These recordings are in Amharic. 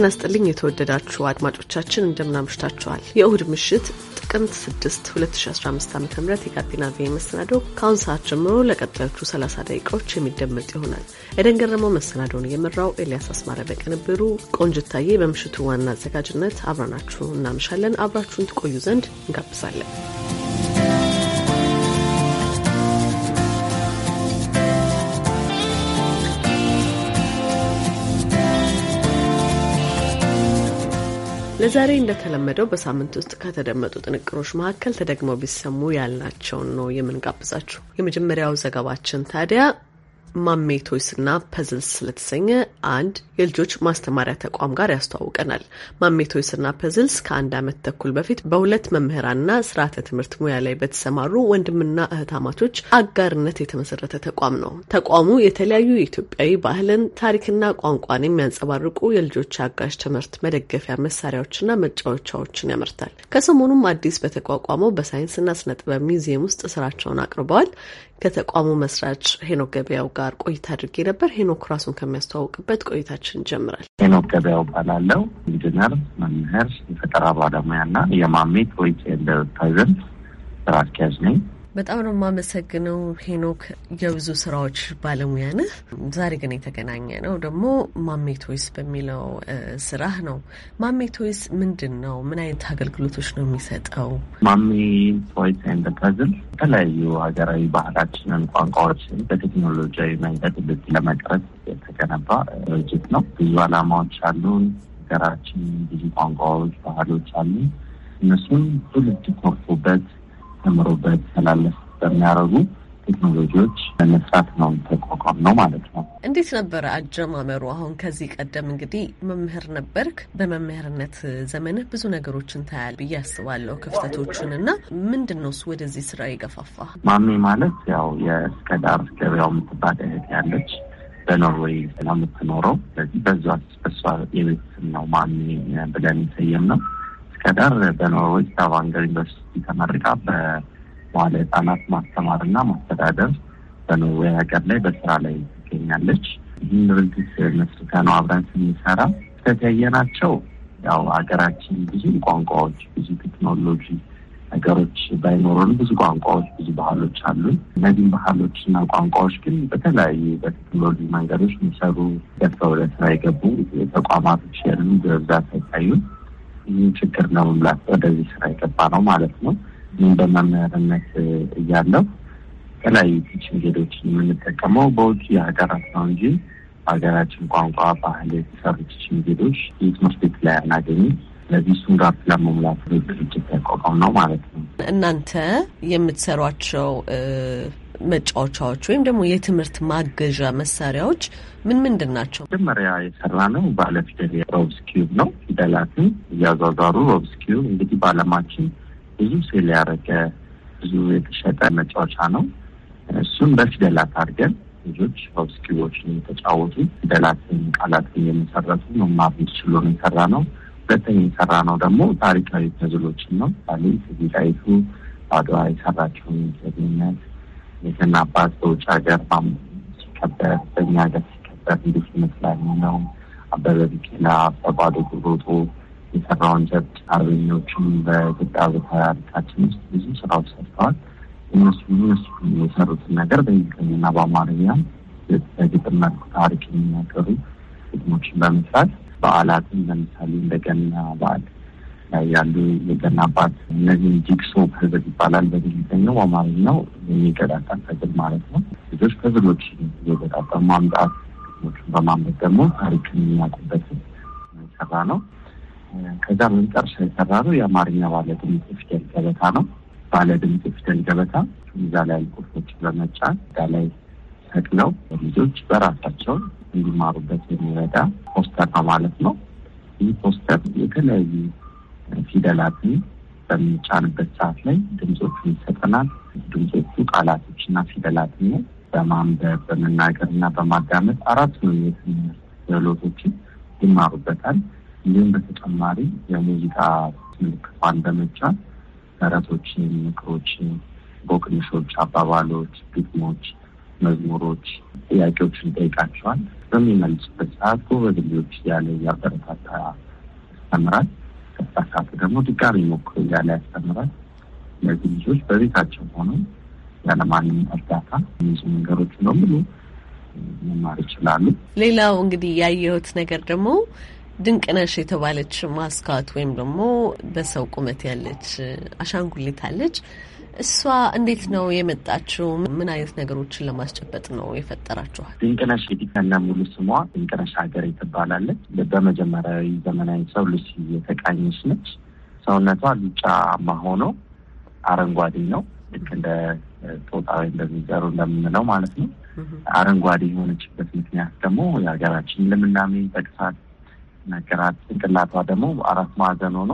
ጤና ስጥልኝ የተወደዳችሁ አድማጮቻችን እንደምናምሽታችኋል። የእሁድ ምሽት ጥቅምት 6 2015 ዓ ም የጋቢና ቪ መሰናዶ ከአሁን ሰዓት ጀምሮ ለቀጣዮቹ 30 ደቂቃዎች የሚደመጥ ይሆናል። ኤደን ገረመው መሰናዶውን የመራው ኤልያስ አስማረ በቅንብሩ፣ ቆንጅታዬ በምሽቱ ዋና አዘጋጅነት አብረናችሁ እናምሻለን። አብራችሁን ትቆዩ ዘንድ እንጋብዛለን። ለዛሬ እንደተለመደው በሳምንት ውስጥ ከተደመጡ ጥንቅሮች መካከል ተደግመው ቢሰሙ ያልናቸውን ነው የምንጋብዛችሁ። የመጀመሪያው ዘገባችን ታዲያ ማሜቶይስና ፐዝልስ ስለተሰኘ አንድ የልጆች ማስተማሪያ ተቋም ጋር ያስተዋውቀናል። ማሜቶይስና ፐዝልስ ከአንድ ዓመት ተኩል በፊት በሁለት መምህራንና ስርዓተ ትምህርት ሙያ ላይ በተሰማሩ ወንድምና እህታማቾች አጋርነት የተመሰረተ ተቋም ነው። ተቋሙ የተለያዩ የኢትዮጵያዊ ባህልን፣ ታሪክና ቋንቋን የሚያንጸባርቁ የልጆች አጋዥ ትምህርት መደገፊያ መሳሪያዎችና መጫወቻዎችን ያመርታል። ከሰሞኑም አዲስ በተቋቋመው በሳይንስና ስነ ጥበብ ሚዚየም ውስጥ ስራቸውን አቅርበዋል። ከተቋሙ መስራች ሄኖክ ገበያው ጋር ቆይታ አድርጌ ነበር። ሄኖክ ራሱን ከሚያስተዋውቅበት ቆይታችን ውይይታችን ጀምራል። ሄኖክ ገበያው እባላለሁ። ኢንጂነር፣ መምህር፣ የፈጠራ ባለሙያና የማሜት ወይ ኤንተርፕራይዘስ ስራ አስኪያጅ ነኝ። በጣም ነው የማመሰግነው ሄኖክ፣ የብዙ ስራዎች ባለሙያ ነህ። ዛሬ ግን የተገናኘ ነው ደግሞ ማሜ ቶይስ በሚለው ስራህ ነው። ማሜ ቶይስ ምንድን ነው? ምን አይነት አገልግሎቶች ነው የሚሰጠው? ማሜቶይስ ኤንድ ፐዝል የተለያዩ ሀገራዊ ባህላችንን፣ ቋንቋዎችን በቴክኖሎጂያዊ መንገድ ልት ለመቅረጽ የተገነባ ድርጅት ነው። ብዙ አላማዎች አሉን። ሀገራችን ብዙ ቋንቋዎች፣ ባህሎች አሉ። እነሱን ትውልድ ኮርፎበት ተምሮበት ተላለፍ በሚያደርጉ ቴክኖሎጂዎች ለመስራት ነው ተቋቋም ነው ማለት ነው። እንዴት ነበረ አጀማመሩ? አሁን ከዚህ ቀደም እንግዲህ መምህር ነበርክ። በመምህርነት ዘመንህ ብዙ ነገሮችን ታያል ብዬ አስባለሁ፣ ክፍተቶችን እና ምንድን ነው እሱ ወደዚህ ስራ የገፋፋ? ማሚ ማለት ያው የእስከዳር ገበያው የምትባል እህት ያለች በኖርዌይ ነው በዛ በሷ የቤት ነው ማሚ ብለን ሰየም ነው እስከዳር በኖርዌይ ስተቫንገር ዩኒቨርሲቲ ተመርቃ በመዋለ ህጻናት ማስተማር ማስተማርና ማስተዳደር በኖርዌይ ሀገር ላይ በስራ ላይ ትገኛለች። ይህን ድርጅት መስርተን ነው አብረን ስንሰራ ናቸው። ያው ሀገራችን ብዙ ቋንቋዎች፣ ብዙ ቴክኖሎጂ ነገሮች ባይኖሩን ብዙ ቋንቋዎች፣ ብዙ ባህሎች አሉ። እነዚህም ባህሎች እና ቋንቋዎች ግን በተለያዩ በቴክኖሎጂ መንገዶች የሚሰሩ ገብተው ወደ ስራ የገቡ ተቋማቶች ያሉ በብዛት አይታዩም። ምን ችግር ነው ለመምላት ወደዚህ ስራ የገባ ነው ማለት ነው። ምን በመምህርነት እያለው የተለያዩ ቲችንግ ኤዶችን የምንጠቀመው በውጭ የሀገራት ነው እንጂ በሀገራችን ቋንቋ ባህል የተሰሩ ቲችንግ ኤዶች የትምህርት ቤት ላይ አናገኝም። ስለዚህ እሱን ጋር ለመሙላት ድርጅት ያቋቋም ነው ማለት ነው። እናንተ የምትሰሯቸው መጫወቻዎች ወይም ደግሞ የትምህርት ማገዣ መሳሪያዎች ምን ምንድን ናቸው? መጀመሪያ የሰራ ነው ባለፊደል ሮብስ ኪዩብ ነው። ፊደላትን እያዟዟሩ ሮብስ ኪዩብ እንግዲህ በዓለማችን ብዙ ሴል ያደረገ ብዙ የተሸጠ መጫወቻ ነው። እሱን በፊደላት አድርገን ልጆች ሮብስ ኪዩቦችን የተጫወቱ ፊደላትን፣ ቃላትን የመሰረቱ መማር እንዲችሉ የሰራ ነው። ሁለተኛ የሰራ ነው ደግሞ ታሪካዊ ተዝሎችን ነው። ለምሳሌ እቴጌ አድዋ በአድዋ የሰራቸውን ጀግንነት የገና አባት በውጭ ሀገር ሲከበር በእኛ ሀገር ሲከበር እንዴት ይመስላል ነው አበበ ቢቂላ በባዶ እግሩ ሮጦ የሰራውን ጀብድ አርበኞቹም በኢትዮጵያ በታሪካችን ውስጥ ብዙ ስራዎች ሰርተዋል። እነሱ እነሱ የሰሩትን ነገር በእንግሊዝኛና በአማርኛም በግጥም መልኩ ታሪክ የሚናገሩ ግጥሞችን በመስራት በዓላትን ለምሳሌ እንደገና በዓል ላይ ያሉ የገና አባት እነዚህ ጂግሶ ፐዝል ይባላል በእንግሊዝኛው በአማርኛው የሚገጣጠም ፐዝል ማለት ነው። ልጆች ፐዝሎችን እየገጣጠሙ ማምጣት ግጥሞችን በማንበብ ደግሞ ታሪክን የሚያውቁበት ሰራ ነው። ከዛ በመጨረሻ የሰራ ነው የአማርኛ ባለ ድምጽ ፊደል ገበታ ነው። ባለ ድምጽ ፊደል ገበታ እዛ ላይ ያሉ ቁልፎችን በመጫን እዛ ላይ ሰቅለው ልጆች በራሳቸው እንዲማሩበት የሚረዳ ፖስተር ነው ማለት ነው። ይህ ፖስተር የተለያዩ ፊደላትን በሚጫንበት ሰዓት ላይ ድምፆቹን ይሰጠናል። ድምፆቹ ቃላቶችና ፊደላት ነው። በማንበብ በመናገር እና በማዳመጥ አራት ነው የትምህርት ክህሎቶችን ይማሩበታል። እንዲሁም በተጨማሪ የሙዚቃ ምልክቷን በመጫን ተረቶችን፣ ምክሮችን፣ ቦቅንሾች፣ አባባሎች፣ ግጥሞች፣ መዝሙሮች ጥያቄዎችን ይጠይቃቸዋል። በሚመልሱበት ሰዓት ጎበዝ ልጆች እያለ እያበረታታ ያስተምራል። ሳሳቱ ደግሞ ድጋሚ ሞክሮ እያለ ያስተምራል። እነዚህ ልጆች በቤታቸው ሆነው ያለማንም እርዳታ እነዚህ ነገሮች በሙሉ መማር ይችላሉ። ሌላው እንግዲህ ያየሁት ነገር ደግሞ ድንቅነሽ የተባለች ማስካት ወይም ደግሞ በሰው ቁመት ያለች አሻንጉሊት አለች። እሷ እንዴት ነው የመጣችው? ምን አይነት ነገሮችን ለማስጨበጥ ነው የፈጠራችኋል? ድንቅነሽ የዲካና ሙሉ ስሟ ድንቅነሽ ሀገር ትባላለች። በመጀመሪያዊ ዘመናዊ ሰው ልሲ የተቃኘች ነች። ሰውነቷ ሉጫማ ሆኖ አረንጓዴ ነው። ልክ እንደ ጦጣ ወይ እንደሚዘሩ እንደምንለው ማለት ነው። አረንጓዴ የሆነችበት ምክንያት ደግሞ የሀገራችን ልምናሜ ጠቅሳት ነገራት። ጭንቅላቷ ደግሞ አራት ማዕዘን ሆኖ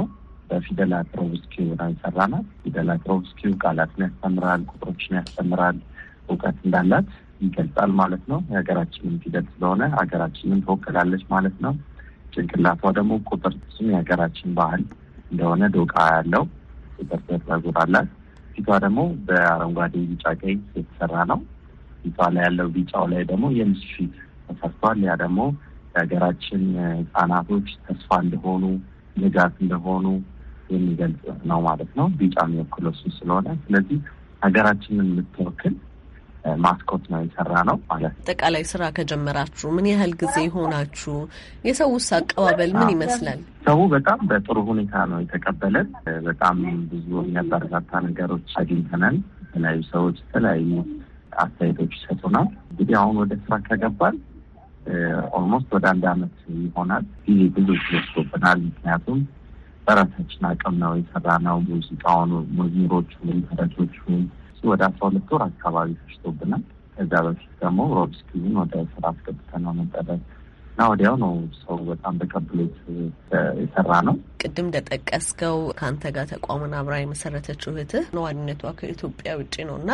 በፊደል ሮብስኪ ሆና ሰራ ናት። ፊደል አትሮብስኪ ቃላትን ያስተምራል፣ ቁጥሮችን ያስተምራል፣ እውቀት እንዳላት ይገልጻል ማለት ነው። የሀገራችንም ፊደል ስለሆነ ሀገራችንን ትወክላለች ማለት ነው። ጭንቅላቷ ደግሞ ቁጥር ስም የሀገራችን ባህል እንደሆነ ዶቃ ያለው ቁጥር ጸጉር አላት። ፊቷ ደግሞ በአረንጓዴ ቢጫ፣ ቀይ የተሰራ ነው። ፊቷ ላይ ያለው ቢጫው ላይ ደግሞ የምስ ፊት ተሰርቷል። ያ ደግሞ የሀገራችን ህጻናቶች ተስፋ እንደሆኑ ንጋት እንደሆኑ የሚገልጽ ነው ማለት ነው። ቢጫ የሚወክለው እሱ ስለሆነ ስለዚህ ሀገራችንን የምትወክል ማስኮት ነው የሰራ ነው ማለት ነው። አጠቃላይ ስራ ከጀመራችሁ ምን ያህል ጊዜ ሆናችሁ? የሰውስ አቀባበል ምን ይመስላል? ሰው በጣም በጥሩ ሁኔታ ነው የተቀበለን። በጣም ብዙ የሚያበረታታ ነገሮች አግኝተናል። የተለያዩ ሰዎች የተለያዩ አስተያየቶች ይሰጡናል። እንግዲህ አሁን ወደ ስራ ከገባል ኦልሞስት ወደ አንድ አመት ይሆናል። ጊዜ ብዙ ይወስዶብናል። ምክንያቱም በራሳችን አቅም ነው የሰራነው። ሙዚቃውን፣ መዝሙሮቹን፣ ተረቶቹን ወደ አስራ ሁለት ወር አካባቢ ፈጅቶብናል። ከዛ በፊት ደግሞ ሮብስኪን ወደ ስራ ነው ነበረ እና ወዲያው ነው ሰው በጣም በቀብሎት የሰራ ነው። ቅድም እንደጠቀስከው ከአንተ ጋር ተቋሙን አብራ የመሰረተችው እህትህ ነዋሪነቷ ከኢትዮጵያ ውጭ ነው እና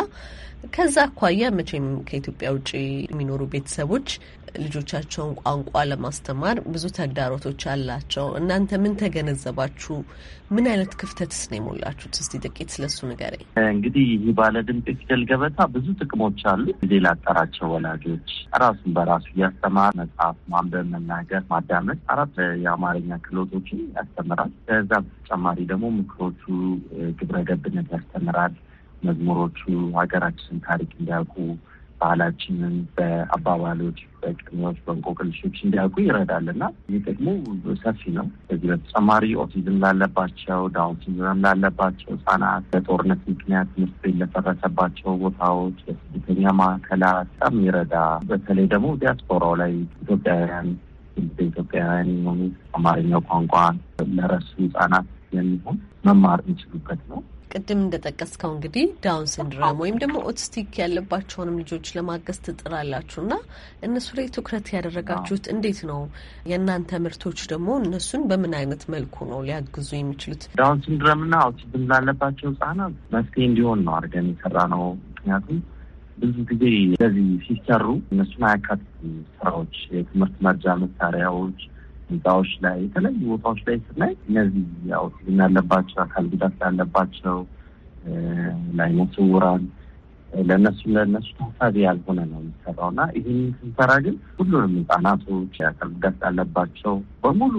ከዛ አኳያ መቼም ከኢትዮጵያ ውጭ የሚኖሩ ቤተሰቦች ልጆቻቸውን ቋንቋ ለማስተማር ብዙ ተግዳሮቶች አላቸው። እናንተ ምን ተገነዘባችሁ? ምን አይነት ክፍተትስ ነው የሞላችሁት? እስቲ ጥቂት ስለሱ ንገረኝ። እንግዲህ ይህ ባለድምፅ ፊደል ገበታ ብዙ ጥቅሞች አሉ። ጊዜ ላጠራቸው ወላጆች ራሱን በራሱ እያስተማር መጽሐፍ ማንበብ፣ መናገር፣ ማዳመጥ አራት የአማርኛ ክህሎቶችን ያስተምራል። ከዛ በተጨማሪ ደግሞ ምክሮቹ ግብረ ገብነት ያስተምራል። መዝሙሮቹ ሀገራችንን ታሪክ እንዲያውቁ ባህላችንን በአባባሎች፣ በቅኔዎች፣ በእንቆቅልሾች እንዲያውቁ ይረዳል እና ይህ ጥቅሙ ሰፊ ነው። በዚህ በተጨማሪ ኦቲዝም ላለባቸው፣ ዳውን ሲንድሮም ላለባቸው ህጻናት፣ በጦርነት ምክንያት ትምህርት ቤት ለፈረሰባቸው ቦታዎች፣ ለስደተኛ ማዕከላት በጣም ይረዳ። በተለይ ደግሞ ዲያስፖራው ላይ ኢትዮጵያውያን በኢትዮጵያውያን የሆኑ አማርኛው ቋንቋ ለረሱ ህጻናት የሚሆን መማር የሚችሉበት ነው። ቅድም እንደጠቀስከው እንግዲህ ዳውን ሲንድሮም ወይም ደግሞ ኦቲስቲክ ያለባቸውንም ልጆች ለማገዝ ትጥራላችሁ እና እነሱ ላይ ትኩረት ያደረጋችሁት እንዴት ነው? የእናንተ ምርቶች ደግሞ እነሱን በምን አይነት መልኩ ነው ሊያግዙ የሚችሉት? ዳውን ሲንድሮም እና ኦቲዝም ላለባቸው ህጻናት መፍትሄ እንዲሆን ነው አድርገን የሰራ ነው። ምክንያቱም ብዙ ጊዜ እንደዚህ ሲሰሩ እነሱን አያካትትም ስራዎች፣ የትምህርት መርጃ መሳሪያዎች ህንፃዎች ላይ የተለያዩ ቦታዎች ላይ ስናይ እነዚህ አውቲዝም ያለባቸው አካል ጉዳት ያለባቸው ለዓይነ ስውራን ለእነሱ ለእነሱ ታሳቢ ያልሆነ ነው የሚሰራው እና ይህን ስንሰራ ግን ሁሉንም ህጻናቶች የአካል ጉዳት ያለባቸው በሙሉ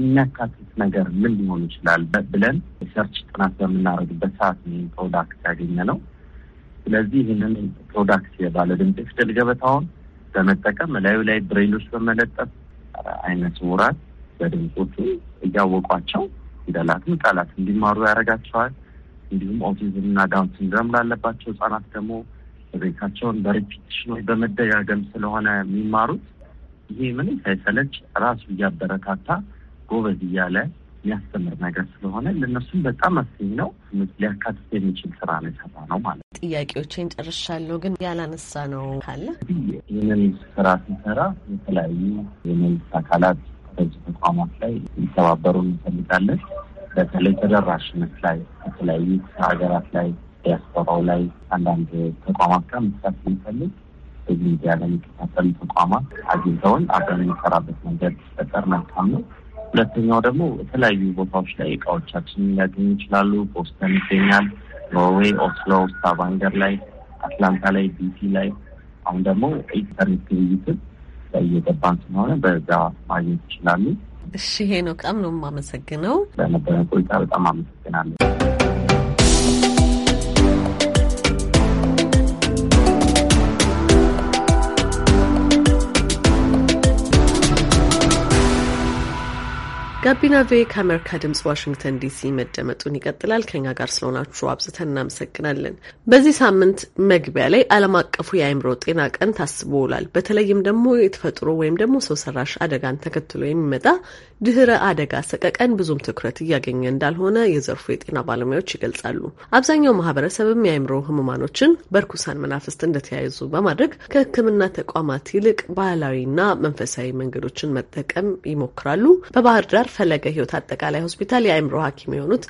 የሚያካትት ነገር ምን ሊሆን ይችላል ብለን ሪሰርች ጥናት በምናደርግበት ሰዓት ፕሮዳክት ያገኘ ነው። ስለዚህ ይህንን ፕሮዳክት የባለ ፊደል ገበታውን በመጠቀም ላዩ ላይ ብሬሎች በመለጠፍ አይነት ምሁራን በድምፆቹ እያወቋቸው ፊደላትን፣ ቃላት እንዲማሩ ያደርጋቸዋል። እንዲሁም ኦቲዝም እና ዳውን ሲንድረም ላለባቸው ህጻናት ደግሞ ቤታቸውን በሪፒቲሽን በመደጋገም ስለሆነ የሚማሩት ይሄ ምንም ሳይሰለች ራሱ እያበረታታ ጎበዝ እያለ የሚያስተምር ነገር ስለሆነ ለእነሱም በጣም መፍትሄ ነው። ሊያካትት የሚችል ስራ ነው የሰራ ነው ማለት ነው። ጥያቄዎችን ጨርሻለሁ፣ ግን ያላነሳ ነው ካለ ይህንን ስራ ሲሰራ የተለያዩ የመንግስት አካላት በዚህ ተቋማት ላይ ሊተባበሩ እንፈልጋለን። በተለይ ተደራሽነት ላይ የተለያዩ ሀገራት ላይ ዲያስፖራው ላይ አንዳንድ ተቋማት ጋር መስራት ስንፈልግ እዚህ ሚዲያ ላይ የሚከታተሉ ተቋማት አግኝተውን አብረን የሚሰራበት መንገድ ሲፈጠር መልካም ነው። ሁለተኛው ደግሞ የተለያዩ ቦታዎች ላይ እቃዎቻችንን ሊያገኙ ይችላሉ። ቦስተን ይገኛል፣ ኖርዌይ፣ ኦስሎ፣ ስታቫንገር ላይ፣ አትላንታ ላይ፣ ዲሲ ላይ አሁን ደግሞ ኢንተርኔት ግብይትን እየገባን ስለሆነ በዛ ማግኘት ይችላሉ። እሺ ሄኖክ በጣም ነው የማመሰግነው። በነበረ ቆይታ በጣም አመሰግናለሁ። ጋቢና ቪ ከአሜሪካ ድምጽ ዋሽንግተን ዲሲ መደመጡን ይቀጥላል። ከኛ ጋር ስለሆናችሁ አብዝተን እናመሰግናለን። በዚህ ሳምንት መግቢያ ላይ ዓለም አቀፉ የአእምሮ ጤና ቀን ታስቦ ውሏል። በተለይም ደግሞ የተፈጥሮ ወይም ደግሞ ሰው ሰራሽ አደጋን ተከትሎ የሚመጣ ድህረ አደጋ ሰቀቀን ብዙም ትኩረት እያገኘ እንዳልሆነ የዘርፉ የጤና ባለሙያዎች ይገልጻሉ። አብዛኛው ማህበረሰብም የአእምሮ ህሙማኖችን በርኩሳን መናፍስት እንደተያይዙ በማድረግ ከህክምና ተቋማት ይልቅ ባህላዊና መንፈሳዊ መንገዶችን መጠቀም ይሞክራሉ። በባህር ዳር ፈለገ ህይወት አጠቃላይ ሆስፒታል የአእምሮ ሐኪም የሆኑት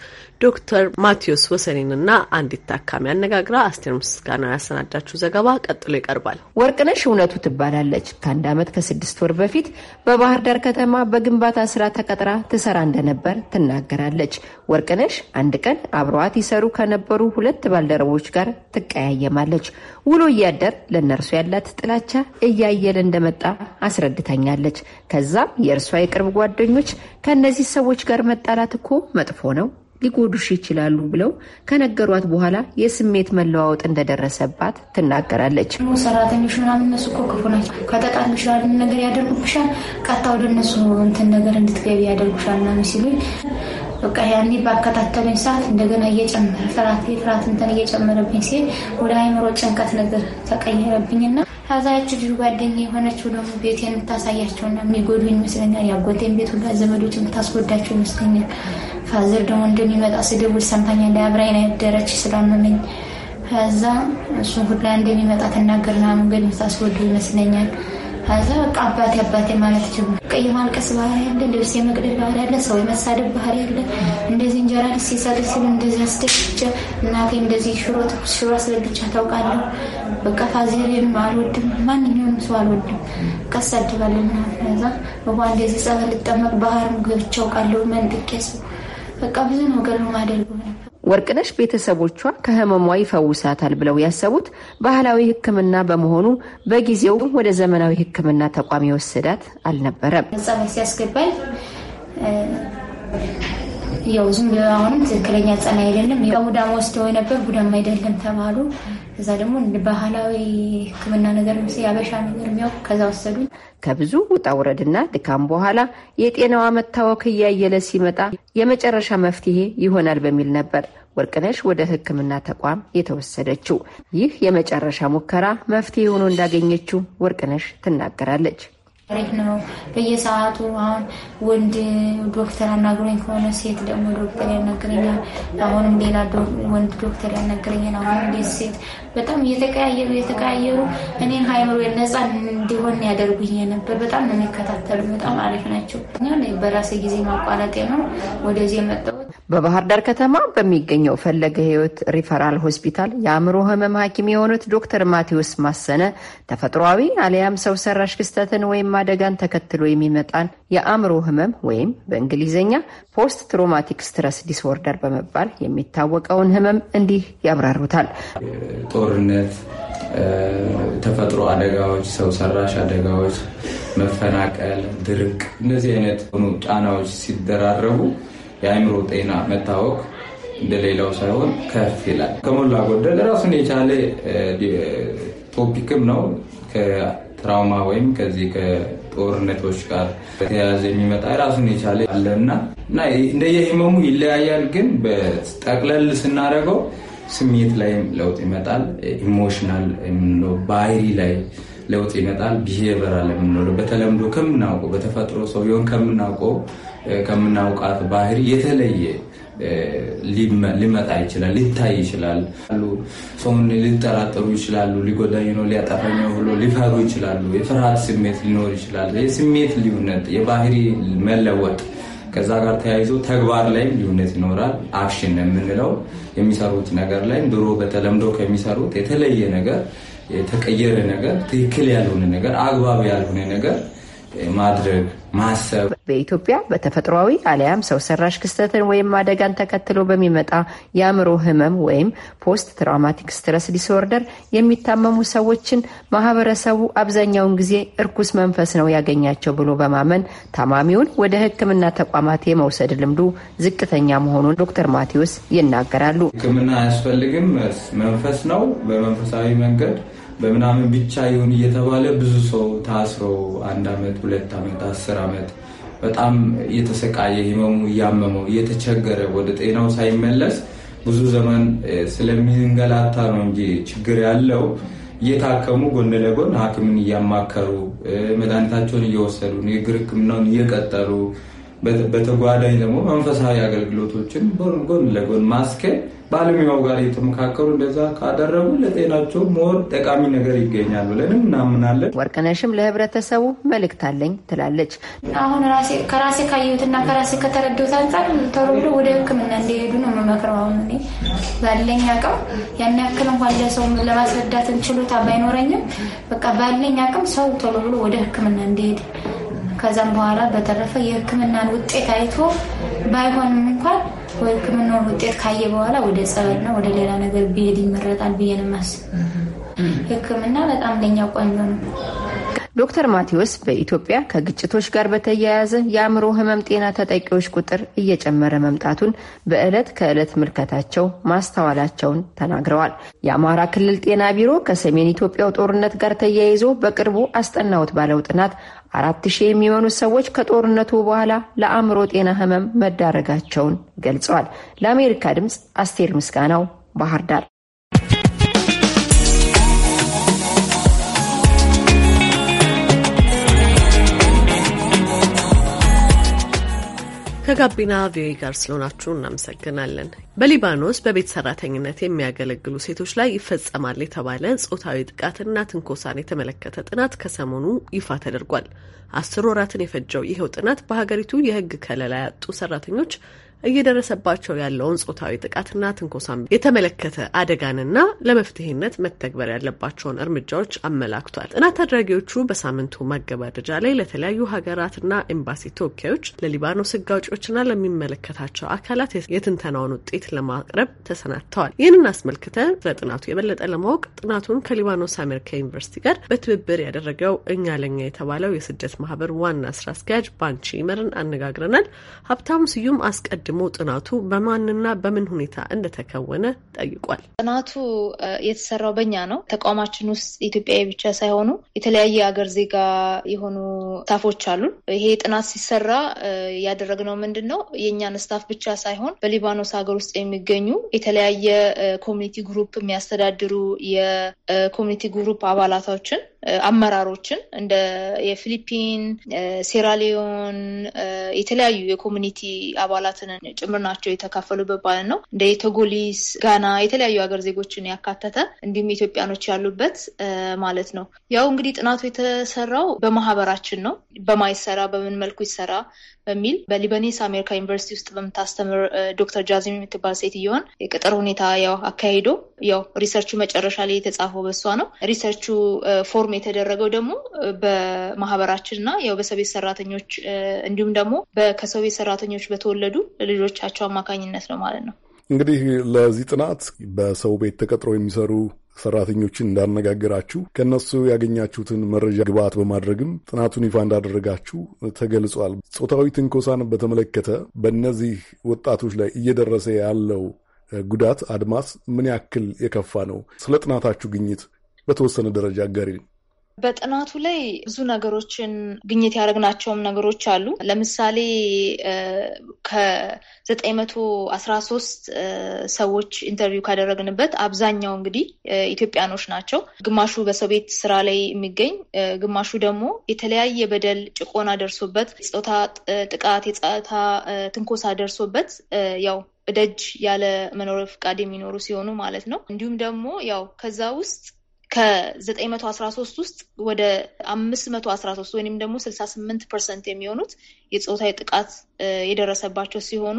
ዶክተር ማቴዎስ ወሰኔንና አንዲት ታካሚ አነጋግራ አስቴር ምስጋና ያሰናዳችው ዘገባ ቀጥሎ ይቀርባል። ወርቅነሽ እውነቱ ትባላለች። ከአንድ ዓመት ከስድስት ወር በፊት በባህር ዳር ከተማ በግንባታ ስራ ተቀጥራ ትሰራ እንደነበር ትናገራለች። ወርቅነሽ አንድ ቀን አብረዋት ይሰሩ ከነበሩ ሁለት ባልደረቦች ጋር ትቀያየማለች። ውሎ እያደር ለእነርሱ ያላት ጥላቻ እያየለ እንደመጣ አስረድተኛለች። ከዛም የእርሷ የቅርብ ጓደኞች ከእነዚህ ሰዎች ጋር መጣላት እኮ መጥፎ ነው፣ ሊጎዱሽ ይችላሉ ብለው ከነገሯት በኋላ የስሜት መለዋወጥ እንደደረሰባት ትናገራለች። ሰራተኞች ምናምን እነሱ እኮ ክፉ ናቸው፣ ከጠቃሚ ይችላሉ ነገር ያደርጉብሻል፣ ቀጥታ ወደ እነሱ እንትን ነገር እንድትገቢ ያደርጉሻል ምናምን ሲሉኝ በቃ ያኔ ባከታተሉኝ ሰዓት እንደገና እየጨመረ ፍርሃት ፍራት እንትን እየጨመረብኝ ሲል ወደ አይምሮ ጭንቀት ነገር ተቀየረብኝና ከዛች ልጅ ጓደኛ የሆነችው ደግሞ ቤት የምታሳያቸውና የሚጎዱኝ ይመስለኛል። ያጎቴን ቤት ሁላ ዘመዶች የምታስጎዳቸው ይመስለኛል። ፋዘር ደግሞ እንደሚመጣ ስደውል ሰምታኛል። አብራይን ያደረች ስላመመኝ ከዛ እሱ ሁላ እንደሚመጣ ትናገርና መንገድ የምታስጎዱ ይመስለኛል። ከዛ በቃ አባቴ አባቴ ማለት ጀመር። የማልቀስ ባህሪ ያለ፣ ልብስ የመቅደድ ባህሪ ያለ፣ ሰው የመሳደብ ባህሪ ያለ። እንደዚህ እንጀራ ልስ ሲሰጥ ሲሉ እንደዚህ አስደግቼ እናቴ እንደዚህ ሽሮ ትኩስ ሽሮ አስበልቻ ታውቃለሁ። በቃ ፋዘሬን አልወድም፣ ማንኛውንም ሰው አልወድም። ና ዛ በቧ እንደዚህ ጸበል ልጠመቅ ባህርም ገብቼ አውቃለሁ። መንጥቄ ሰው በቃ ብዙ ነገር ነው የማደርገው ነበር ወርቅነሽ ቤተሰቦቿ ከህመሟ ይፈውሳታል ብለው ያሰቡት ባህላዊ ሕክምና በመሆኑ በጊዜው ወደ ዘመናዊ ሕክምና ተቋም የወሰዳት አልነበረም። ጸበል ሲያስገባኝ ያው ዝም ብሎ አሁንም ትክክለኛ ጸና አይደለም ሙዳም ወስደው ነበር። ጉዳም አይደለም ተባሉ። እዛ ደግሞ ባህላዊ ሕክምና ነገር ያበሻ ነገር የሚያውቅ ከዛ ወሰዱኝ። ከብዙ ውጣ ውረድና ድካም በኋላ የጤናዋ መታወክ እያየለ ሲመጣ የመጨረሻ መፍትሄ ይሆናል በሚል ነበር ወርቅነሽ ወደ ሕክምና ተቋም የተወሰደችው። ይህ የመጨረሻ ሙከራ መፍትሄ ሆኖ እንዳገኘችው ወርቅነሽ ትናገራለች። ሬት ነው። በየሰዓቱ አሁን ወንድ ዶክተር አናግሮኝ ከሆነ ሴት ደግሞ ዶክተር ያናግረኛል። አሁንም ሌላ ወንድ ዶክተር ያናግረኛል። አሁንም ሴት በጣም እየተቀያየሩ እየተቀያየሩ እኔን ሀይምሮ ነጻ እንዲሆን ያደርጉኝ የነበር በጣም ነው የሚከታተሉ። በጣም አሪፍ ናቸው። በራሴ ጊዜ ማቋረጤ ነው ወደዚህ የመጣሁት። በባህር ዳር ከተማ በሚገኘው ፈለገ ህይወት ሪፈራል ሆስፒታል የአእምሮ ህመም ሐኪም የሆኑት ዶክተር ማቴዎስ ማሰነ ተፈጥሯዊ አሊያም ሰው ሰራሽ ክስተትን ወይም አደጋን ተከትሎ የሚመጣን የአእምሮ ህመም ወይም በእንግሊዝኛ ፖስት ትሮማቲክ ስትረስ ዲስኦርደር በመባል የሚታወቀውን ህመም እንዲህ ያብራሩታል። ጦርነት፣ ተፈጥሮ አደጋዎች፣ ሰው ሰራሽ አደጋዎች፣ መፈናቀል፣ ድርቅ፣ እነዚህ አይነት ጫናዎች ሲደራረቡ የአእምሮ ጤና መታወቅ እንደሌላው ሳይሆን ከፍ ይላል። ከሞላ ጎደል ራሱን የቻለ ቶፒክም ነው። ከትራውማ ወይም ከዚህ ከጦርነቶች ጋር በተያያዘ የሚመጣ ራሱን የቻለ አለና እና እንደየህመሙ ይለያያል። ግን በጠቅለል ስናደርገው ስሜት ላይ ለውጥ ይመጣል። ኢሞሽናል የምንለው ባህሪ ላይ ለውጥ ይመጣል። ቢሄቨራል የምንለው በተለምዶ ከምናውቀው በተፈጥሮ ሰው ቢሆን ከምናውቀው ከምናውቃት ባህሪ የተለየ ሊመጣ ይችላል፣ ሊታይ ይችላል። ሰውን ሊጠራጠሩ ይችላሉ፣ ሊጎዳኝ ነው፣ ሊያጠፋኝ ነው ብሎ ሊፈሩ ይችላሉ። የፍርሃት ስሜት ሊኖር ይችላል። የስሜት ልዩነት፣ የባህሪ መለወጥ ከዛ ጋር ተያይዞ ተግባር ላይም ልዩነት ይኖራል። አክሽን የምንለው የሚሰሩት ነገር ላይ ድሮ በተለምዶ ከሚሰሩት የተለየ ነገር፣ የተቀየረ ነገር፣ ትክክል ያልሆነ ነገር፣ አግባብ ያልሆነ ነገር ማድረግ ማሰብ በኢትዮጵያ በተፈጥሯዊ አሊያም ሰው ሰራሽ ክስተትን ወይም አደጋን ተከትሎ በሚመጣ የአእምሮ ህመም ወይም ፖስት ትራውማቲክ ስትረስ ዲስኦርደር የሚታመሙ ሰዎችን ማህበረሰቡ አብዛኛውን ጊዜ እርኩስ መንፈስ ነው ያገኛቸው ብሎ በማመን ታማሚውን ወደ ሕክምና ተቋማት የመውሰድ ልምዱ ዝቅተኛ መሆኑን ዶክተር ማቴዎስ ይናገራሉ። ሕክምና አያስፈልግም፣ መንፈስ ነው በመንፈሳዊ መንገድ በምናምን ብቻ ይሁን እየተባለ ብዙ ሰው ታስሮ አንድ ዓመት ሁለት ዓመት አስር ዓመት በጣም እየተሰቃየ ህመሙ እያመመው እየተቸገረ ወደ ጤናው ሳይመለስ ብዙ ዘመን ስለሚንገላታ ነው እንጂ ችግር ያለው እየታከሙ ጎን ለጎን ሐኪምን እያማከሩ መድኃኒታቸውን እየወሰዱ የእግር ህክምናውን እየቀጠሉ በተጓዳኝ ደግሞ መንፈሳዊ አገልግሎቶችን ጎን ለጎን ማስኬድ ባለሙያው ጋር የተመካከሩ እንደዛ ካደረጉ ለጤናቸው ሞር ጠቃሚ ነገር ይገኛል ብለን እናምናለን። ወርቅነሽም ለህብረተሰቡ መልእክት አለኝ ትላለች። አሁን ከራሴ ካየሁትና ከራሴ ከተረዳሁት አንጻር ቶሎ ብሎ ወደ ሕክምና እንደሄዱ ነው የምመክረው። አሁን እኔ ባለኝ አቅም ያን ያክል እንኳን ለሰው ለማስረዳትን ችሎታ ባይኖረኝም በቃ ባለኝ አቅም ሰው ቶሎ ብሎ ወደ ሕክምና እንደሄድ ከዛም በኋላ በተረፈ የህክምናን ውጤት አይቶ ባይሆንም እንኳን ወይ ውጤት ካየ በኋላ ወደ ነው ወደ ሌላ ነገር ቢሄድ ይመረጣል ብዬ ነው የማስበው። በጣም ለኛ ቆንጆ ነው። ዶክተር ማቴዎስ በኢትዮጵያ ከግጭቶች ጋር በተያያዘ የአእምሮ ህመም ጤና ተጠቂዎች ቁጥር እየጨመረ መምጣቱን በዕለት ከዕለት ምልከታቸው ማስተዋላቸውን ተናግረዋል። የአማራ ክልል ጤና ቢሮ ከሰሜን ኢትዮጵያው ጦርነት ጋር ተያይዞ በቅርቡ አስጠናሁት ባለው ጥናት አራት ሺህ የሚሆኑ ሰዎች ከጦርነቱ በኋላ ለአእምሮ ጤና ህመም መዳረጋቸውን ገልጸዋል። ለአሜሪካ ድምፅ አስቴር ምስጋናው ባህር ዳር ከጋቢና ቪኦኤ ጋር ስለሆናችሁ እናመሰግናለን። በሊባኖስ በቤት ሰራተኝነት የሚያገለግሉ ሴቶች ላይ ይፈጸማል የተባለ ጾታዊ ጥቃትና ትንኮሳን የተመለከተ ጥናት ከሰሞኑ ይፋ ተደርጓል። አስር ወራትን የፈጀው ይኸው ጥናት በሀገሪቱ የሕግ ከለላ ያጡ ሰራተኞች እየደረሰባቸው ያለውን ጾታዊ ጥቃትና ትንኮሳም የተመለከተ አደጋንና ለመፍትሄነት መተግበር ያለባቸውን እርምጃዎች አመላክቷል። ጥናት አድራጊዎቹ በሳምንቱ መገባደጃ ላይ ለተለያዩ ሀገራትና ኤምባሲ ተወካዮች፣ ለሊባኖስ ሕግ አውጪዎችና ለሚመለከታቸው አካላት የትንተናውን ውጤት ለማቅረብ ተሰናድተዋል። ይህንን አስመልክተ ለጥናቱ የበለጠ ለማወቅ ጥናቱን ከሊባኖስ አሜሪካ ዩኒቨርሲቲ ጋር በትብብር ያደረገው እኛ ለኛ የተባለው የስደት ማህበር ዋና ስራ አስኪያጅ ባንቺ መርን አነጋግረናል። ሀብታሙ ስዩም አስቀድ አስቀድሞ ጥናቱ በማንና በምን ሁኔታ እንደተከወነ ጠይቋል። ጥናቱ የተሰራው በኛ ነው። ተቋማችን ውስጥ ኢትዮጵያዊ ብቻ ሳይሆኑ የተለያየ ሀገር ዜጋ የሆኑ ስታፎች አሉ። ይሄ ጥናት ሲሰራ ያደረግነው ምንድን ነው የእኛን ስታፍ ብቻ ሳይሆን በሊባኖስ ሀገር ውስጥ የሚገኙ የተለያየ ኮሚኒቲ ግሩፕ የሚያስተዳድሩ የኮሚኒቲ ግሩፕ አባላቶችን አመራሮችን እንደ የፊሊፒን፣ ሴራሊዮን የተለያዩ የኮሚኒቲ አባላትን ጭምር ናቸው የተካፈሉበት በዓል ነው። እንደ ቶጎሊስ፣ ጋና የተለያዩ ሀገር ዜጎችን ያካተተ እንዲሁም ኢትዮጵያኖች ያሉበት ማለት ነው። ያው እንግዲህ ጥናቱ የተሰራው በማህበራችን ነው። በማይሰራ በምን መልኩ ይሰራ በሚል በሊበኔስ አሜሪካ ዩኒቨርሲቲ ውስጥ በምታስተምር ዶክተር ጃዝሚን የምትባል ሴትዮዋን የቅጥር ሁኔታ ያው አካሂዶ ያው ሪሰርቹ መጨረሻ ላይ የተጻፈው በሷ ነው። ሪሰርቹ ፎርም የተደረገው ደግሞ በማህበራችን እና ያው በሰቤት ሰራተኞች እንዲሁም ደግሞ ከሰቤት ሰራተኞች በተወለዱ ልጆቻቸው አማካኝነት ነው ማለት ነው። እንግዲህ ለዚህ ጥናት በሰው ቤት ተቀጥሮ የሚሰሩ ሰራተኞችን እንዳነጋገራችሁ ከእነሱ ያገኛችሁትን መረጃ ግብዓት በማድረግም ጥናቱን ይፋ እንዳደረጋችሁ ተገልጿል። ጾታዊ ትንኮሳን በተመለከተ በእነዚህ ወጣቶች ላይ እየደረሰ ያለው ጉዳት አድማስ ምን ያክል የከፋ ነው? ስለ ጥናታችሁ ግኝት በተወሰነ ደረጃ አጋሪ ነው። በጥናቱ ላይ ብዙ ነገሮችን ግኝት ያደረግናቸውም ነገሮች አሉ። ለምሳሌ ከዘጠኝ መቶ አስራ ሶስት ሰዎች ኢንተርቪው ካደረግንበት አብዛኛው እንግዲህ ኢትዮጵያኖች ናቸው። ግማሹ በሰው ቤት ስራ ላይ የሚገኝ ግማሹ ደግሞ የተለያየ በደል ጭቆና ደርሶበት፣ የፆታ ጥቃት፣ የፆታ ትንኮሳ ደርሶበት ያው ደጅ ያለ መኖሪያ ፍቃድ የሚኖሩ ሲሆኑ ማለት ነው። እንዲሁም ደግሞ ያው ከዛ ውስጥ ከ913 ውስጥ ወደ 513 ወይም ደግሞ 68 ፐርሰንት የሚሆኑት የፆታዊ ጥቃት የደረሰባቸው ሲሆኑ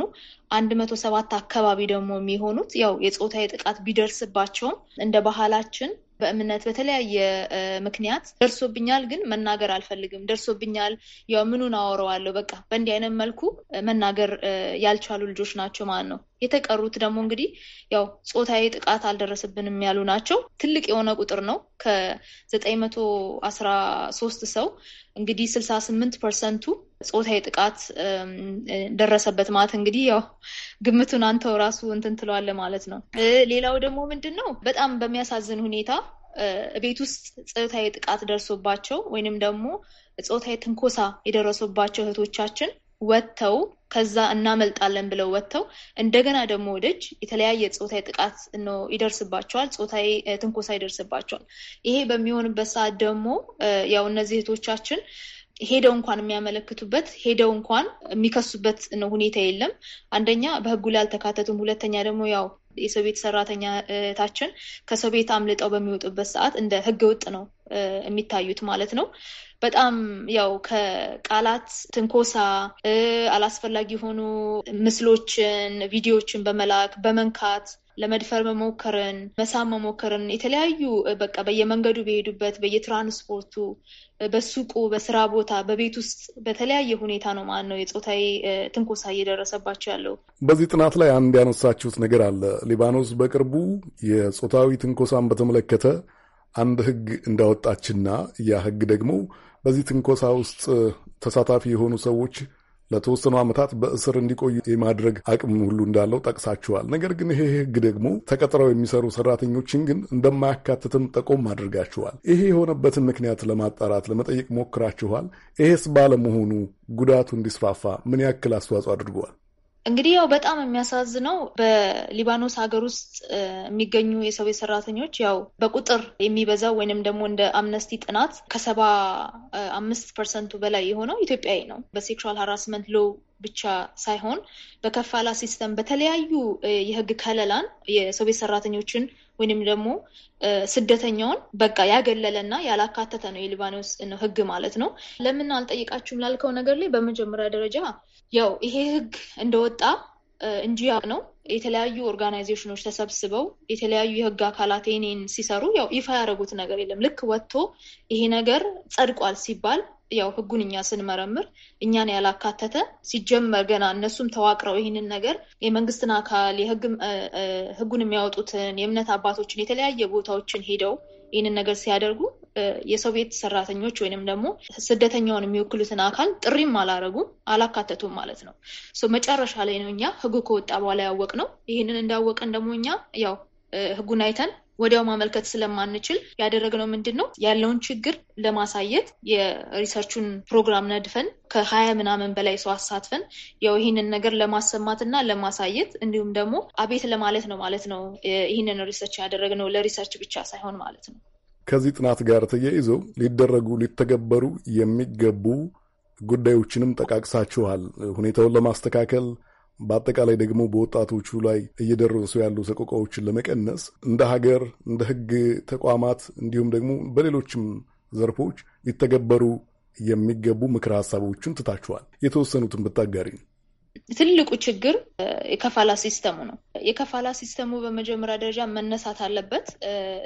107 አካባቢ ደግሞ የሚሆኑት ያው የፆታዊ ጥቃት ቢደርስባቸውም እንደ ባህላችን በእምነት በተለያየ ምክንያት ደርሶብኛል፣ ግን መናገር አልፈልግም፣ ደርሶብኛል፣ ያው ምኑን አወረዋለሁ፣ በቃ በእንዲህ አይነት መልኩ መናገር ያልቻሉ ልጆች ናቸው ማለት ነው። የተቀሩት ደግሞ እንግዲህ ያው ጾታዊ ጥቃት አልደረሰብንም ያሉ ናቸው። ትልቅ የሆነ ቁጥር ነው። ከዘጠኝ መቶ አስራ ሶስት ሰው እንግዲህ ስልሳ ስምንት ፐርሰንቱ ፆታዊ ጥቃት ደረሰበት ማለት እንግዲህ ያው ግምቱን አንተው ራሱ እንትን ትለዋለህ ማለት ነው። ሌላው ደግሞ ምንድን ነው በጣም በሚያሳዝን ሁኔታ ቤት ውስጥ ፆታዊ ጥቃት ደርሶባቸው ወይንም ደግሞ ፆታዊ ትንኮሳ የደረሱባቸው እህቶቻችን ወጥተው ከዛ እናመልጣለን ብለው ወጥተው እንደገና ደግሞ ወደጅ የተለያየ ፆታዊ ጥቃት ነው ይደርስባቸዋል፣ ፆታዊ ትንኮሳ ይደርስባቸዋል። ይሄ በሚሆንበት ሰዓት ደግሞ ያው እነዚህ እህቶቻችን ሄደው እንኳን የሚያመለክቱበት ሄደው እንኳን የሚከሱበት ሁኔታ የለም። አንደኛ በህጉ ላይ አልተካተቱም። ሁለተኛ ደግሞ ያው የሰው ቤት ሰራተኛ እህታችን ከሰው ቤት አምልጠው በሚወጡበት ሰዓት እንደ ህገ ወጥ ነው የሚታዩት ማለት ነው። በጣም ያው ከቃላት ትንኮሳ፣ አላስፈላጊ የሆኑ ምስሎችን፣ ቪዲዮዎችን በመላክ በመንካት ለመድፈር መሞከርን፣ መሳብ መሞከርን የተለያዩ በቃ በየመንገዱ በሄዱበት በየትራንስፖርቱ፣ በሱቁ፣ በስራ ቦታ፣ በቤት ውስጥ በተለያየ ሁኔታ ነው ማለት ነው የጾታዊ ትንኮሳ እየደረሰባቸው ያለው። በዚህ ጥናት ላይ አንድ ያነሳችሁት ነገር አለ። ሊባኖስ በቅርቡ የጾታዊ ትንኮሳን በተመለከተ አንድ ህግ እንዳወጣችና ያ ህግ ደግሞ በዚህ ትንኮሳ ውስጥ ተሳታፊ የሆኑ ሰዎች ለተወሰኑ ዓመታት በእስር እንዲቆዩ የማድረግ አቅም ሁሉ እንዳለው ጠቅሳችኋል። ነገር ግን ይሄ ሕግ ደግሞ ተቀጥረው የሚሰሩ ሰራተኞችን ግን እንደማያካትትም ጠቆም አድርጋችኋል። ይሄ የሆነበትን ምክንያት ለማጣራት ለመጠየቅ ሞክራችኋል? ይሄስ ባለመሆኑ ጉዳቱ እንዲስፋፋ ምን ያክል አስተዋጽኦ አድርገዋል? እንግዲህ ያው በጣም የሚያሳዝነው በሊባኖስ ሀገር ውስጥ የሚገኙ የሰው ሰራተኞች ያው በቁጥር የሚበዛው ወይንም ደግሞ እንደ አምነስቲ ጥናት ከሰባ አምስት ፐርሰንቱ በላይ የሆነው ኢትዮጵያዊ ነው። በሴክሹዋል ሀራስመንት ሎ ብቻ ሳይሆን በከፋላ ሲስተም በተለያዩ የህግ ከለላን የሰው ሰራተኞችን ወይንም ደግሞ ስደተኛውን በቃ ያገለለና ያላካተተ ነው የሊባኖስ ህግ ማለት ነው። ለምን አልጠይቃችሁም ላልከው ነገር ላይ በመጀመሪያ ደረጃ ያው ይሄ ህግ እንደወጣ እንጂ ነው የተለያዩ ኦርጋናይዜሽኖች ተሰብስበው የተለያዩ የህግ አካላት ይህንን ሲሰሩ ያው ይፋ ያደረጉት ነገር የለም። ልክ ወጥቶ ይሄ ነገር ጸድቋል ሲባል ያው ህጉን እኛ ስንመረምር እኛን ያላካተተ ሲጀመር ገና እነሱም ተዋቅረው ይህንን ነገር የመንግስትን አካል ህጉን የሚያወጡትን የእምነት አባቶችን የተለያየ ቦታዎችን ሄደው ይህንን ነገር ሲያደርጉ የሰው ቤት ሰራተኞች ወይንም ደግሞ ስደተኛውን የሚወክሉትን አካል ጥሪም አላረጉም፣ አላካተቱም ማለት ነው። መጨረሻ ላይ ነው እኛ ህጉ ከወጣ በኋላ ያወቅ ነው። ይህንን እንዳወቀን ደግሞ እኛ ያው ህጉን አይተን ወዲያው ማመልከት ስለማንችል ያደረግነው ምንድን ነው ያለውን ችግር ለማሳየት የሪሰርቹን ፕሮግራም ነድፈን ከሀያ ምናምን በላይ ሰው አሳትፈን ያው ይህንን ነገር ለማሰማት እና ለማሳየት እንዲሁም ደግሞ አቤት ለማለት ነው ማለት ነው። ይህንን ሪሰርች ያደረግነው ለሪሰርች ብቻ ሳይሆን ማለት ነው። ከዚህ ጥናት ጋር ተያይዘው ሊደረጉ ሊተገበሩ የሚገቡ ጉዳዮችንም ጠቃቅሳችኋል። ሁኔታውን ለማስተካከል በአጠቃላይ ደግሞ በወጣቶቹ ላይ እየደረሱ ያሉ ሰቆቃዎችን ለመቀነስ እንደ ሀገር እንደ ህግ ተቋማት እንዲሁም ደግሞ በሌሎችም ዘርፎች ሊተገበሩ የሚገቡ ምክር ሀሳቦችን ትታችኋል። የተወሰኑትን ብታጋሪ ነው። ትልቁ ችግር የከፋላ ሲስተሙ ነው። የከፋላ ሲስተሙ በመጀመሪያ ደረጃ መነሳት አለበት።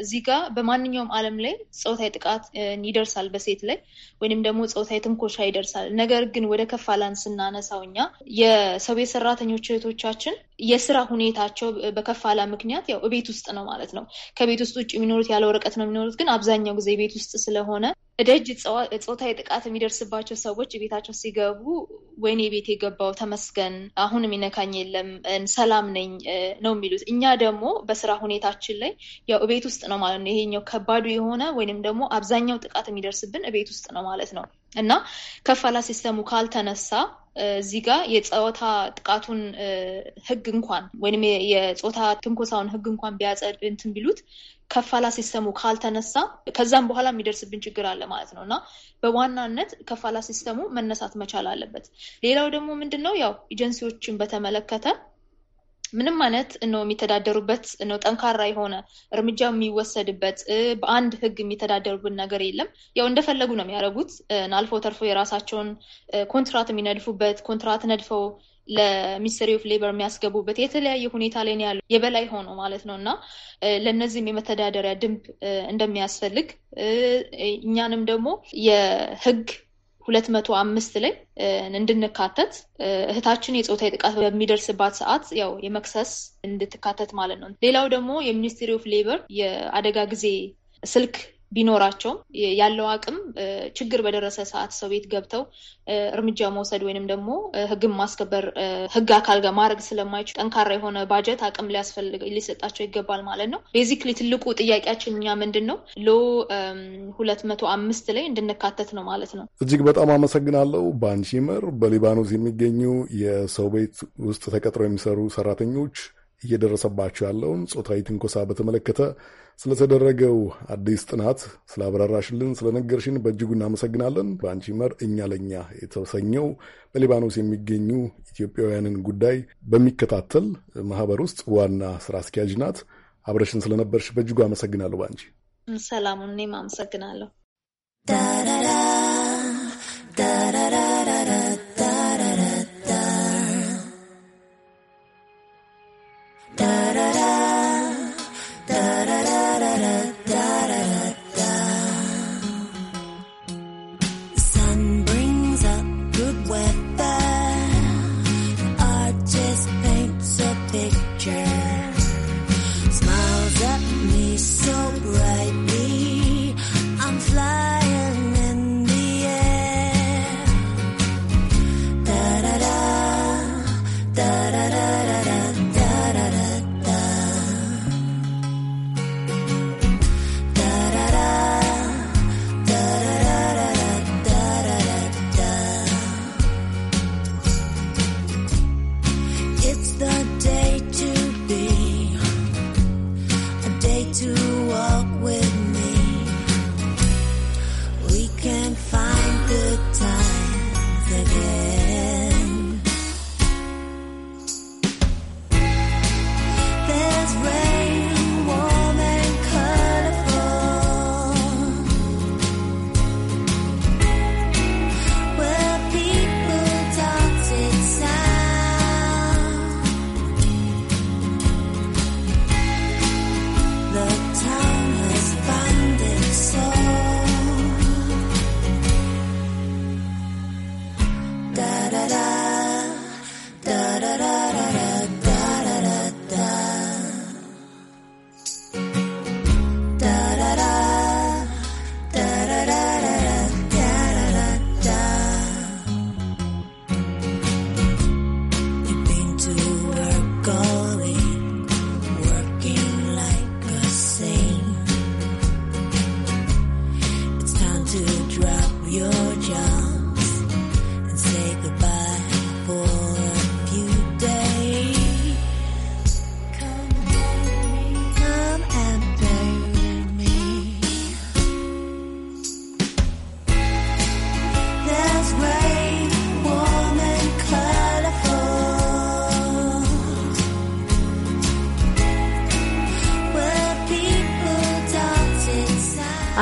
እዚህ ጋር በማንኛውም ዓለም ላይ ፆታዊ ጥቃት ይደርሳል በሴት ላይ ወይም ደግሞ ፆታዊ ትንኮሻ ይደርሳል። ነገር ግን ወደ ከፋላን ስናነሳው እኛ የሰው የሰራተኞች ሰራተኞች እህቶቻችን የስራ ሁኔታቸው በከፋላ ምክንያት ያው ቤት ውስጥ ነው ማለት ነው። ከቤት ውስጥ ውጭ የሚኖሩት ያለ ወረቀት ነው የሚኖሩት፣ ግን አብዛኛው ጊዜ ቤት ውስጥ ስለሆነ እደጅ ጾታዊ ጥቃት የሚደርስባቸው ሰዎች ቤታቸው ሲገቡ ወይኔ ቤት የገባው ተመስገን፣ አሁን የሚነካኝ የለም፣ ሰላም ነኝ ነው የሚሉት። እኛ ደግሞ በስራ ሁኔታችን ላይ ያው ቤት ውስጥ ነው ማለት ነው። ይሄኛው ከባዱ የሆነ ወይንም ደግሞ አብዛኛው ጥቃት የሚደርስብን እቤት ውስጥ ነው ማለት ነው እና ከፋላ ሲስተሙ ካልተነሳ እዚህ ጋር የፆታ ጥቃቱን ህግ እንኳን ወይም የፆታ ትንኮሳውን ህግ እንኳን ቢያጸድ እንትን ቢሉት ከፋላ ሲስተሙ ካልተነሳ ከዛም በኋላ የሚደርስብን ችግር አለ ማለት ነው እና በዋናነት ከፋላ ሲስተሙ መነሳት መቻል አለበት። ሌላው ደግሞ ምንድን ነው ያው ኤጀንሲዎችን በተመለከተ ምንም አይነት ነው የሚተዳደሩበት ነው ጠንካራ የሆነ እርምጃ የሚወሰድበት በአንድ ህግ የሚተዳደሩብን ነገር የለም። ያው እንደፈለጉ ነው የሚያደርጉት። አልፎ ተርፎ የራሳቸውን ኮንትራት የሚነድፉበት ኮንትራት ነድፈው ለሚኒስትሪ ኦፍ ሌበር የሚያስገቡበት የተለያየ ሁኔታ ላይ ያሉ የበላይ ሆኖ ማለት ነው እና ለእነዚህም የመተዳደሪያ ድንብ እንደሚያስፈልግ እኛንም ደግሞ የህግ ሁለት መቶ አምስት ላይ እንድንካተት እህታችን የፆታ ጥቃት በሚደርስባት ሰዓት ያው የመክሰስ እንድትካተት ማለት ነው። ሌላው ደግሞ የሚኒስትሪ ኦፍ ሌበር የአደጋ ጊዜ ስልክ ቢኖራቸውም ያለው አቅም ችግር በደረሰ ሰዓት ሰው ቤት ገብተው እርምጃ መውሰድ ወይንም ደግሞ ህግን ማስከበር ህግ አካል ጋር ማድረግ ስለማይችል ጠንካራ የሆነ ባጀት አቅም ሊያስፈልግ ሊሰጣቸው ይገባል ማለት ነው። ቤዚክሊ ትልቁ ጥያቄያችን እኛ ምንድን ነው ሎ um, ሁለት መቶ አምስት ላይ እንድንካተት ነው ማለት ነው። እጅግ በጣም አመሰግናለሁ። ባንቺመር በሊባኖስ የሚገኙ የሰው ቤት ውስጥ ተቀጥረው የሚሰሩ ሰራተኞች እየደረሰባቸው ያለውን ጾታዊ ትንኮሳ በተመለከተ ስለተደረገው አዲስ ጥናት ስላብራራሽልን፣ ስለነገርሽን በእጅጉ እናመሰግናለን። በአንቺ መር እኛ ለእኛ የተሰኘው በሊባኖስ የሚገኙ ኢትዮጵያውያንን ጉዳይ በሚከታተል ማህበር ውስጥ ዋና ስራ አስኪያጅ ናት። አብረሽን ስለነበርሽ በእጅጉ አመሰግናለሁ። በአንቺ ሰላሙን እኔም አመሰግናለሁ።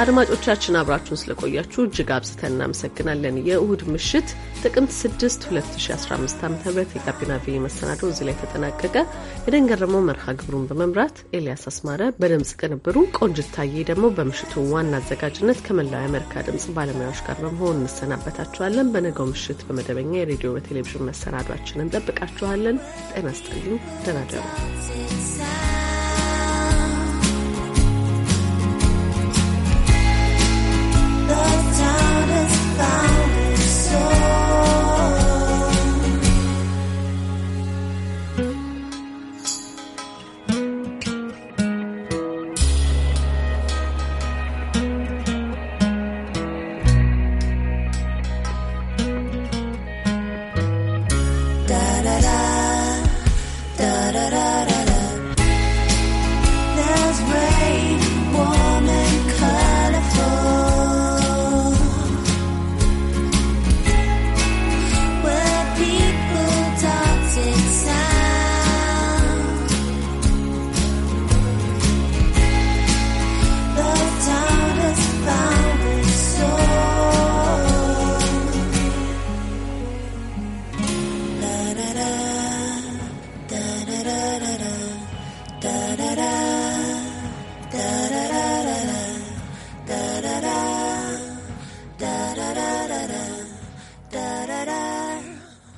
አድማጮቻችን አብራችሁን ስለቆያችሁ እጅግ አብዝተን እናመሰግናለን። የእሁድ ምሽት ጥቅምት 6 2015 ዓ ም የጋቢና ቪ መሰናዶ እዚህ ላይ ተጠናቀቀ። የደንገረመው መርሃ ግብሩን በመምራት ኤልያስ አስማረ፣ በድምፅ ቅንብሩ ቆንጅታዬ ደግሞ በምሽቱ ዋና አዘጋጅነት ከመላው የአሜሪካ ድምፅ ባለሙያዎች ጋር በመሆን እንሰናበታችኋለን። በነገው ምሽት በመደበኛ የሬዲዮ በቴሌቪዥን መሰናዷችን እንጠብቃችኋለን። ጤና ስጠልኝ ደናደሩ show.